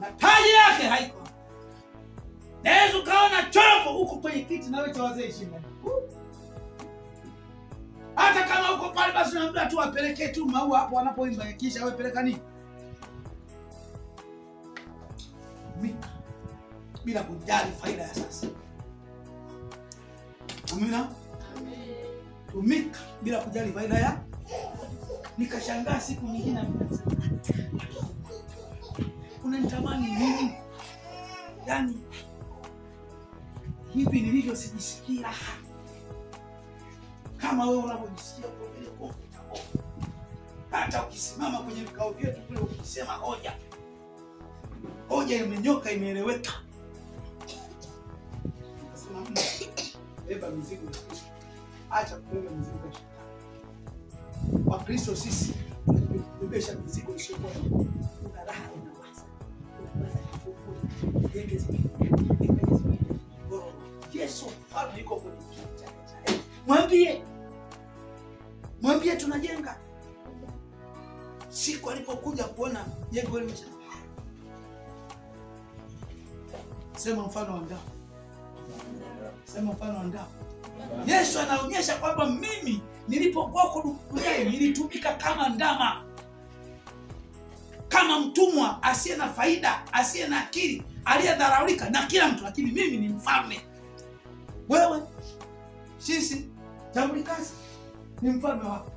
na taji yake haiko hapa. Naweza ukaona chombo huko kwenye kiti nawe cha wazee shina, hata kama uko pale basi, naambia tu wapelekee tu maua hapo wanapoimba, kisha wewe peleka nini bila kujali faida ya sasa. Amina, tumika bila kujali faida ya. Nikashangaa siku nyingine unanitamani nini? Yaani hivi nilivyo sijisikia kama wewe unavyojisikia kwa vile kompyuta. Hata ukisimama kwenye vikao vyetu kule ukisema hoja hoja imenyoka, imeeleweka. Nasema mm, beba mizigo, acha kubeba mizigo. Wakristo sisi tunabebesha mizigo isiyokuwa na raha Yesu mfalme yuko kwenye kiti eh, Mwambie, mwambie tunajenga. Siku alipokuja kuona jengo hili, sema mfano wa ndao, sema mfano wa ndao. Yesu anaonyesha kwamba mimi nilipokuwa duniani nilitumika kama ndama kama mtumwa asiye na faida, asiye na akili, aliyedharaulika na kila mtu, lakini mimi ni mfalme. Wewe sisi jamulikazi ni mfalme wako,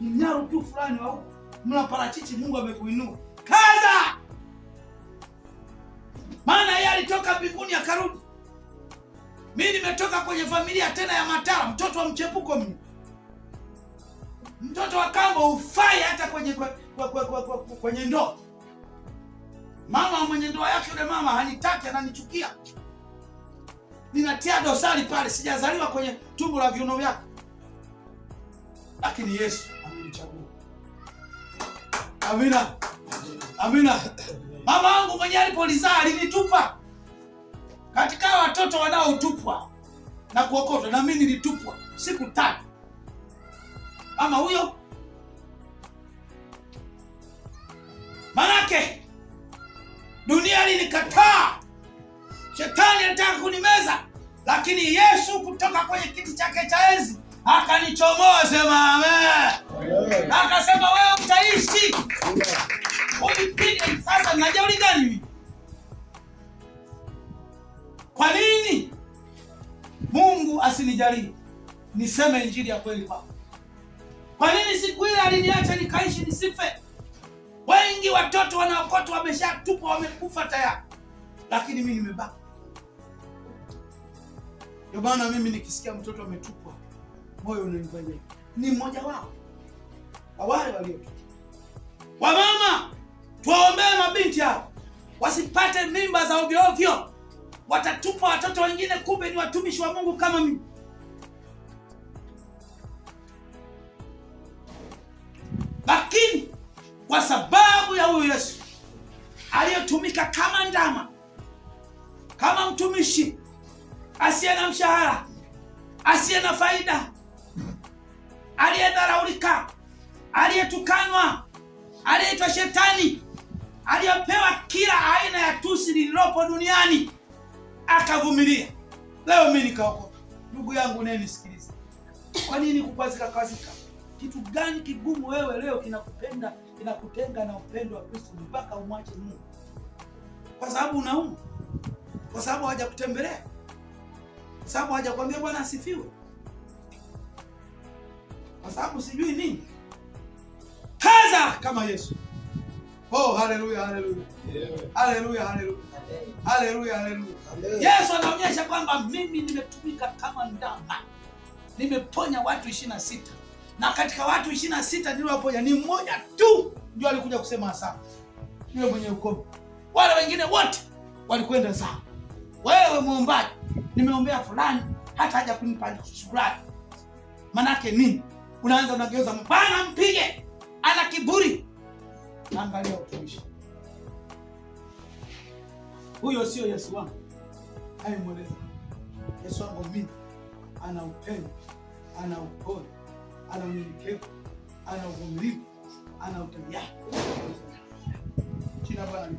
ni mnyaru tu fulani wa huko, mla parachichi. Mungu amekuinua kaza, maana yeye alitoka mbinguni akarudi. Mimi nimetoka kwenye familia tena ya matara, mtoto wa mchepuko, mimi mtoto wa kambo, ufai hata kwenye kwenye ndoo mama mwenye ndoa yake, yule mama hanitaki, ananichukia, ninatia dosari pale, sijazaliwa kwenye tumbo la viuno vyake, lakini Yesu amenichagua. Amina, amina. Mama wangu mwenye alipolizaa alinitupa katika watoto wanaotupwa na kuokotwa, na mimi nilitupwa siku tatu. Mama huyo manake Dunia ilinikataa, shetani alitaka kunimeza, lakini Yesu kutoka kwenye kiti chake cha enzi akanichomoa. Sema amen. Akasema wewe utaishi. Ulipiga sasa, mnajeuri gani? Kwa nini Mungu asinijaribu niseme injili ya kweli kwako? Kwa nini siku ile aliniacha nikaishi nisife? Wengi watoto wanaokotwa wameshatupwa, wamekufa tayari, lakini mimi nimebaki. Ndio maana mimi nikisikia mtoto ametupwa, moyo unanivanya. Ni mmoja wao wa wale waliotupwa. Wamama, tuwaombee mabinti hao wasipate mimba za ovyo ovyo, watatupwa watoto wengine, kumbe ni watumishi wa Mungu kama mimi. kwa sababu ya huyu Yesu aliyetumika kama ndama, kama mtumishi asiye na mshahara, asiye na faida, aliyedharaulika, aliyetukanwa, aliyeitwa Shetani, aliyopewa kila aina ya tusi lililopo duniani, akavumilia. Leo mimi nikaokoka. Ndugu yangu nisikilize, kwa nini kukwazika kwazika? Kitu gani kigumu wewe leo kinakupenda inakutenga na upendo wa Kristo mpaka umwache Mungu, kwa sababu unaumwa, kwa sababu hajakutembelea, kwa sababu hajakwambia Bwana asifiwe, kwa sababu sijui nini. Kaza kama Yesu. Oh, haleluya, haleluya. Haleluya, haleluya. Haleluya, haleluya. Yesu anaonyesha kwamba mimi nimetumika kama ndama, nimeponya watu ishirini na sita na katika watu 26 niliowaponya ni mmoja tu ndio alikuja kusema asante, yule mwenye ukomi Wale wengine wote walikwenda zao. Wewe muombaji, nimeombea fulani hata haja kunipa shukrani. Manake nini? Unaanza unageuza mpana, mpige, ana kiburi. Angalia utumishi huyo, sio Yesu wangu aimweleza Yesu wangu mimi, ana upendo, ana upole ana unyenyekevu, ana uvumilivu, ana Bwana.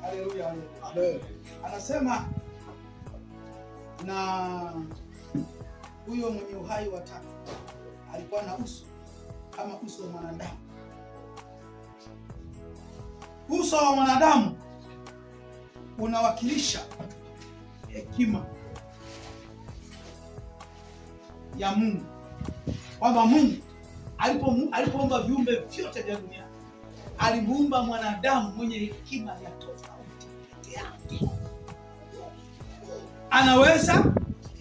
Haleluya. Anasema na huyo mwenye uhai wa tatu alikuwa na uso kama uso wa mwanadamu. Uso wa mwanadamu unawakilisha hekima ya Mungu kwamba Mungu alipoumba viumbe vyote vya dunia alimuumba mwanadamu mwenye hekima ya tofauti yake. Anaweza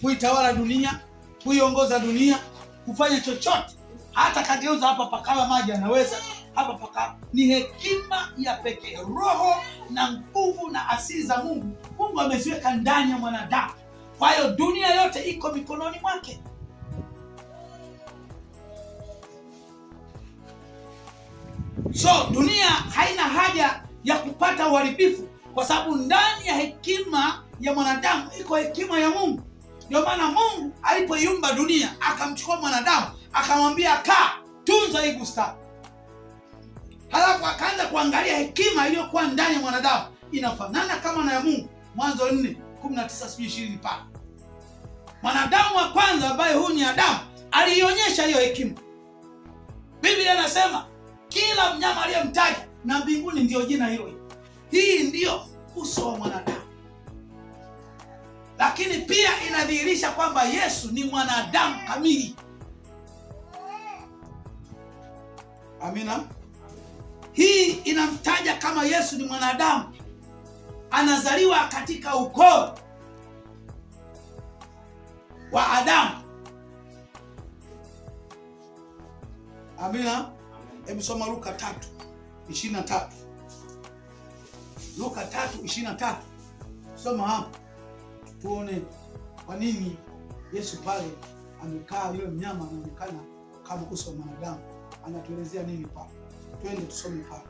kuitawala dunia, kuiongoza dunia, kufanya chochote, hata kageuza hapa pakawa maji, anaweza hapa pakawa. Ni hekima ya pekee, roho na nguvu na asili za Mungu. Mungu ameziweka ndani ya mwanadamu, kwa hiyo dunia yote iko mikononi mwake. So dunia haina haja ya kupata uharibifu, kwa sababu ndani ya hekima ya mwanadamu iko hekima ya Mungu. Ndio maana Mungu alipoiumba dunia akamchukua mwanadamu akamwambia, kaa, tunza hii bustani. Halafu akaanza kuangalia hekima iliyokuwa ndani ya mwanadamu inafanana kama na ya Mungu. Mwanzo 4:19 sijui 20 pale mwanadamu wa kwanza ambaye huyu ni Adamu aliionyesha hiyo hekima. Biblia inasema kila mnyama aliyemtaja, na mbinguni ndiyo jina hilo hilo. Hii ndiyo uso wa mwanadamu, lakini pia inadhihirisha kwamba Yesu ni mwanadamu kamili. Amina. Hii inamtaja kama Yesu ni mwanadamu, anazaliwa katika ukoo wa Adamu. Amina. Hebu soma Luka 3:23. Luka 3:23. Soma hapo tuone kwa nini Yesu pale amekaa yule mnyama anaonekana kama uso wa mwanadamu. Anatuelezea nini pale? Twende tusome pale.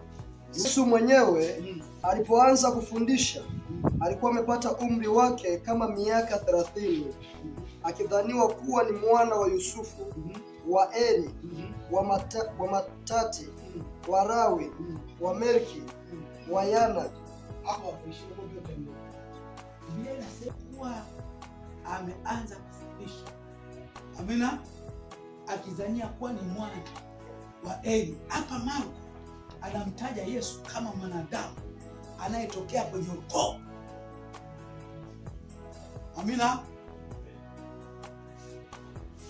Yesu mwenyewe mm. alipoanza kufundisha mm. alikuwa amepata umri wake kama miaka thelathini mm. akidhaniwa kuwa ni mwana wa Yusufu mm -hmm. wa eli mm -hmm wa Wamatati, Warawi, Wamelki, Wayana hapo kuishi huko vyote kuwa ameanza kufundisha. Amina, akizania kuwa ni mwana wa Eli. Hapa Marko anamtaja Yesu kama mwanadamu anayetokea kwenye ukoo. Amina,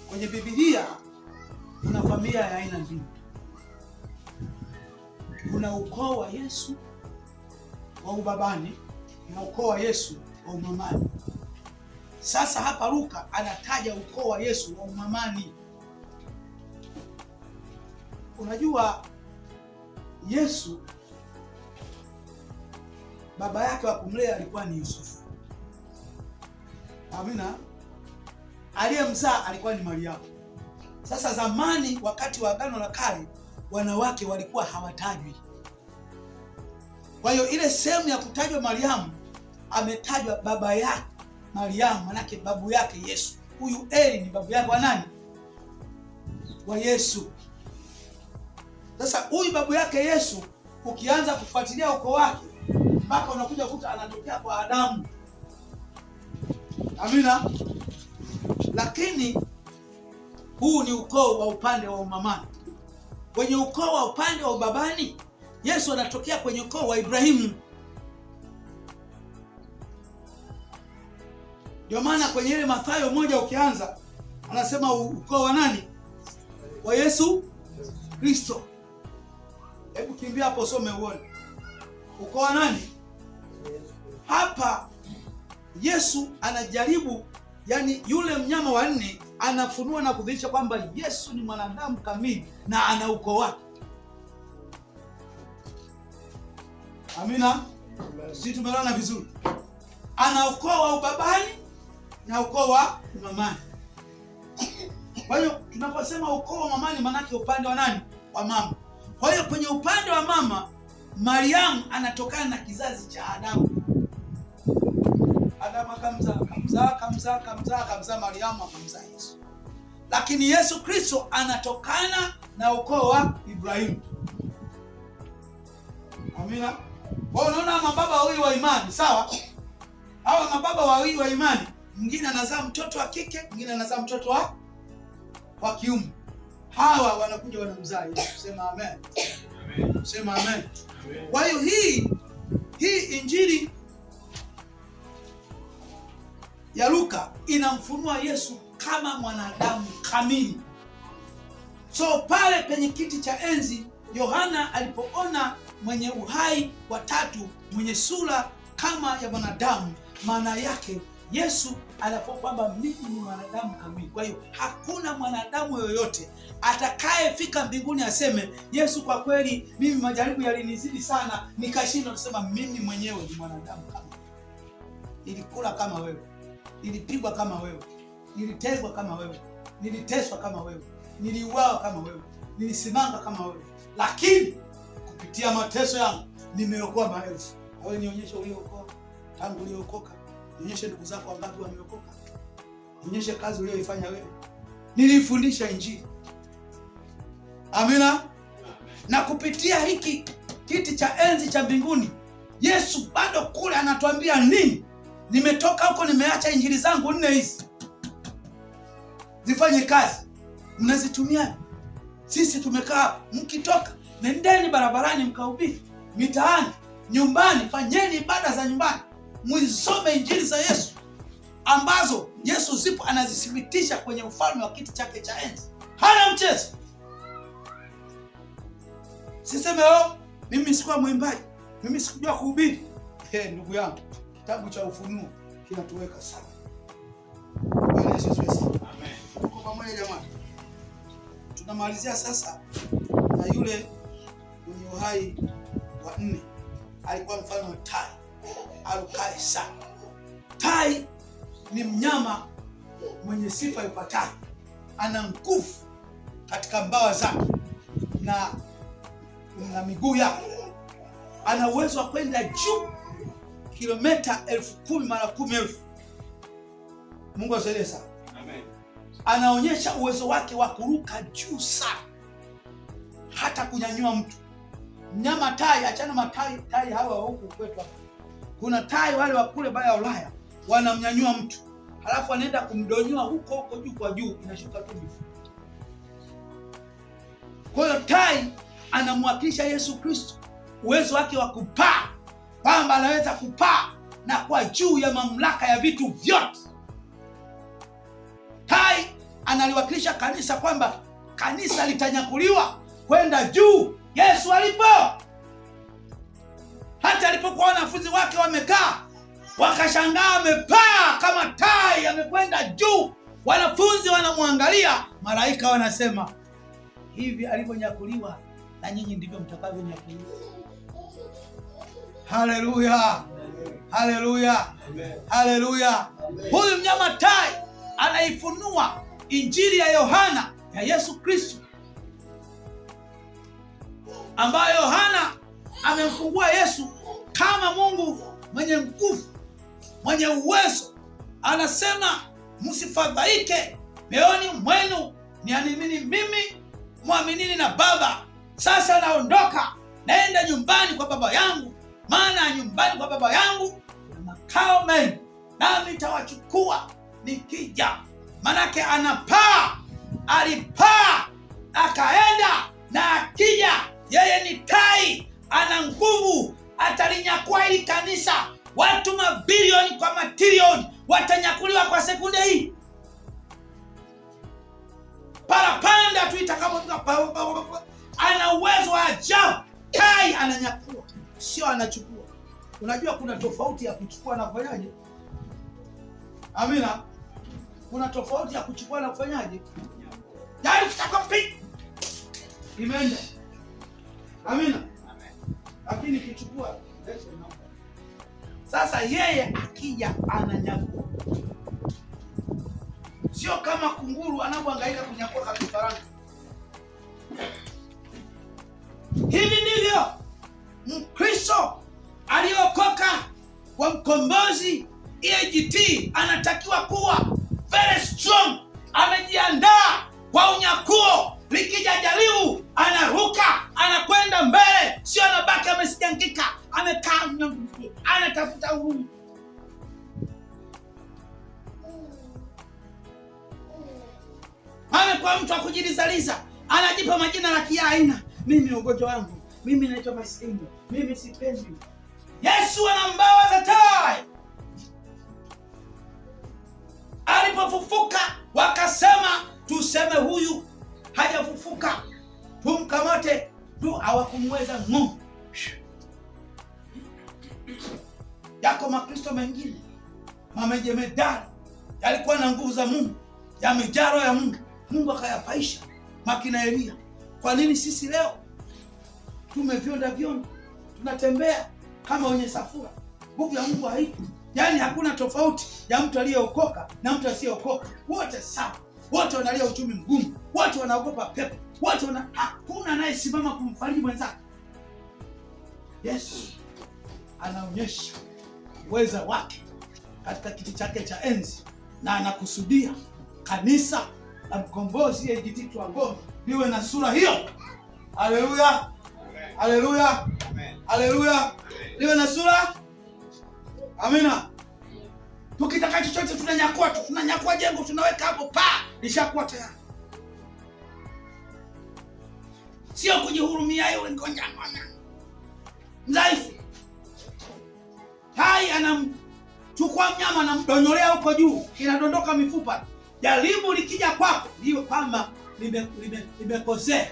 kwenye Biblia kuna familia ya aina mbili, kuna ukoo wa Yesu wa ubabani na ukoo wa Yesu wa umamani. Sasa hapa Luka anataja ukoo wa Yesu wa umamani. Unajua Yesu baba yake wa kumlea alikuwa ni Yusufu. Amina. Aliyemzaa alikuwa ni Mariamu. Sasa zamani, wakati wa Agano la Kale, wanawake walikuwa hawatajwi. Kwa hiyo ile sehemu ya kutajwa Mariamu, ametajwa baba yake Mariamu, manake babu yake Yesu. Huyu Eli ni babu yake wa nani? Wa Yesu. Sasa huyu babu yake Yesu, ukianza kufuatilia uko wake mpaka unakuja kuta anatokea kwa Adamu. Amina, lakini huu ni ukoo wa upande wa umamani. Kwenye ukoo wa upande wa ubabani, Yesu anatokea kwenye ukoo wa Ibrahimu. Ndio maana kwenye ile Mathayo moja ukianza, anasema ukoo wa nani? Wa Yesu Kristo. Hebu kimbia hapo some uone ukoo wa nani. Hapa Yesu anajaribu, yani yule mnyama wa nne anafunua na kudhihirisha kwamba Yesu ni mwanadamu kamili na ana uko wake. Amina, si tumeona vizuri? Ana ukoo wa ubabani na ukoo wa mamani. Kwa hiyo tunaposema ukoo wa mamani, maanake upande wa nani? Wa mama. Kwa hiyo kwenye upande wa mama, Mariamu anatokana na kizazi cha Adamu. Adamu akamzaa akamzaa akamzaa akamzaa akamzaa Mariamu akamzaa Yesu, lakini Yesu Kristo anatokana na ukoo wa Ibrahimu. Amina. Kwa unaona mababa wawili wa imani, sawa? Hawa mababa wawili wa imani, mwingine anazaa mtoto wa kike, mwingine anazaa mtoto wa wa kiume. Hawa wanakuja wanamzaa Yesu. Sema amen, amen. Sema amen. Kwa hiyo hii hii injili ya Luka inamfunua Yesu kama mwanadamu kamili. So pale penye kiti cha enzi Yohana alipoona mwenye uhai wa tatu mwenye sura kama ya mwanadamu, maana yake Yesu alipo kwamba mimi ni mwanadamu kamili. Kwa hiyo hakuna mwanadamu yoyote atakayefika mbinguni aseme Yesu, kwa kweli mimi majaribu yalinizidi sana nikashindwa. Kusema mimi mwenyewe ni mwanadamu kamili, nilikula kama wewe nilipigwa kama wewe, nilitegwa kama wewe, niliteswa kama wewe, niliuawa kama wewe, nilisimanga kama wewe, lakini kupitia mateso yangu nimeokoa maelfu. Wewe nionyeshe uliokoa tangu uliokoka, nionyeshe ndugu zako wangapi wameokoka, nionyeshe kazi uliyoifanya wewe. Nilifundisha Injili. Amina. Na kupitia hiki kiti cha enzi cha mbinguni, Yesu bado kule anatuambia nini? Nimetoka huko nimeacha injili zangu nne hizi zifanye kazi, mnazitumia. Sisi tumekaa mkitoka, nendeni barabarani mkahubiri, mitaani, nyumbani, fanyeni ibada za nyumbani, mwisome injili za Yesu ambazo Yesu zipo anazithibitisha kwenye ufalme wa kiti chake cha enzi. Hana mchezo. Siseme oh, mimi sikuwa mwimbaji, mimi sikujua kuhubiri. Hey, ndugu yangu kitabu cha Ufunuo kinatuweka sawa. Bwana Yesu asifiwe. Amen. Tuko pamoja jamani. Tunamalizia sasa na yule mwenye uhai wa nne, alikuwa mfano wa tai alukai sana. Tai ni mnyama mwenye sifa ifuatayo: ana nguvu katika mbawa zake na na miguu yake, ana uwezo wa kwenda juu kilomita elfu kumi mara kumi elfu. Mungu asaidie sana. Amen. Anaonyesha uwezo wake wa kuruka juu sana hata kunyanyua mtu. Mnyama tai, achana matai, tai hawa huku kwetu hapa. Kuna tai wale wa kule ya Ulaya wanamnyanyua mtu halafu anaenda kumdonyoa huko huko juu kwa juu, inashuka tu mifupa. Kwa hiyo tai anamwakilisha Yesu Kristo, uwezo wake wa kupaa kwamba anaweza kupaa na kwa juu ya mamlaka ya vitu vyote. Tai analiwakilisha kanisa, kwamba kanisa litanyakuliwa kwenda juu Yesu alipo. Hata alipokuwa wanafunzi wake wamekaa wakashangaa, amepaa kama tai, amekwenda juu. Wanafunzi wanamwangalia, malaika wanasema hivi alivyonyakuliwa, na nyinyi ndivyo mtakavyonyakuliwa. Haleluya, haleluya, haleluya! Huyu mnyama tai anaifunua injili ya Yohana ya Yesu Kristo, ambayo Yohana amemfungua Yesu kama Mungu mwenye nguvu, mwenye uwezo. Anasema, msifadhaike mioyoni mwenu, niaminini mimi, mwaminini na Baba. Sasa naondoka naenda nyumbani kwa Baba yangu maana nyumbani kwa Baba yangu kuna makao mengi, nami nitawachukua nikija. Manake anapaa, alipaa akaenda na akija, yeye ni tai, ana nguvu, atalinyakua hili kanisa. Watu mabilioni kwa matilioni watanyakuliwa kwa sekunde hii. Parapanda tu itakapo, ana uwezo wa ajabu. Tai ananyakua sio anachukua. Unajua kuna tofauti ya kuchukua na kufanyaje? Amina, kuna tofauti ya kuchukua na kufanyaje? imeenda. Amina, lakini kichukua sasa, yeye akija ananyakua, sio kama kunguru anavyohangaika kunyakua kakifaranga. Hivi ndivyo Kristo aliyeokoka wa mkombozi EAGT anatakiwa kuwa very strong, amejiandaa kwa unyakuo. Likija jaribu, anaruka anakwenda mbele, sio anabaki amesijangika, amekaa anatafuta huruma. Amekuwa mtu akujilizaliza, anajipa majina la kiaina, mimi ugonjwa wangu mimi naitwa masinga, mimi sipendi. Yesu ana mbawa za tai. Alipofufuka wakasema tuseme huyu hajafufuka, tumkamate tu. Hawakumweza Mungu. Yako makristo mengine mamejemedari yalikuwa na nguvu za Mungu, yamejaro ya Mungu, Mungu akayafaisha makina Elia. Kwa nini sisi leo tumevionda vyonda, tunatembea kama wenye safura Nguvu ya Mungu haipo, yaani hakuna tofauti ya mtu aliyeokoka na mtu asiyeokoka, wote sawa, wote wanalia uchumi mgumu, wote wanaogopa pepo, wote wana, hakuna anayesimama kumfariji mwenzake. Yesu anaonyesha uweza wake katika kiti chake cha enzi na anakusudia kanisa la mkombozi AGT Kigoma liwe na sura hiyo. Haleluya! Haleluya, haleluya, liwe na sura. Amina. Tukitaka chochote tunanyakua tu, tunanyakua jengo, tunaweka hapo, pa lishakuwa tayari. Sio kujihurumia yule ngonja. mdhaifu, tai anamchukua mnyama, anamdonyolea huko juu, inadondoka mifupa. Jaribu likija kwako, ndiyo kama limekosea lime, lime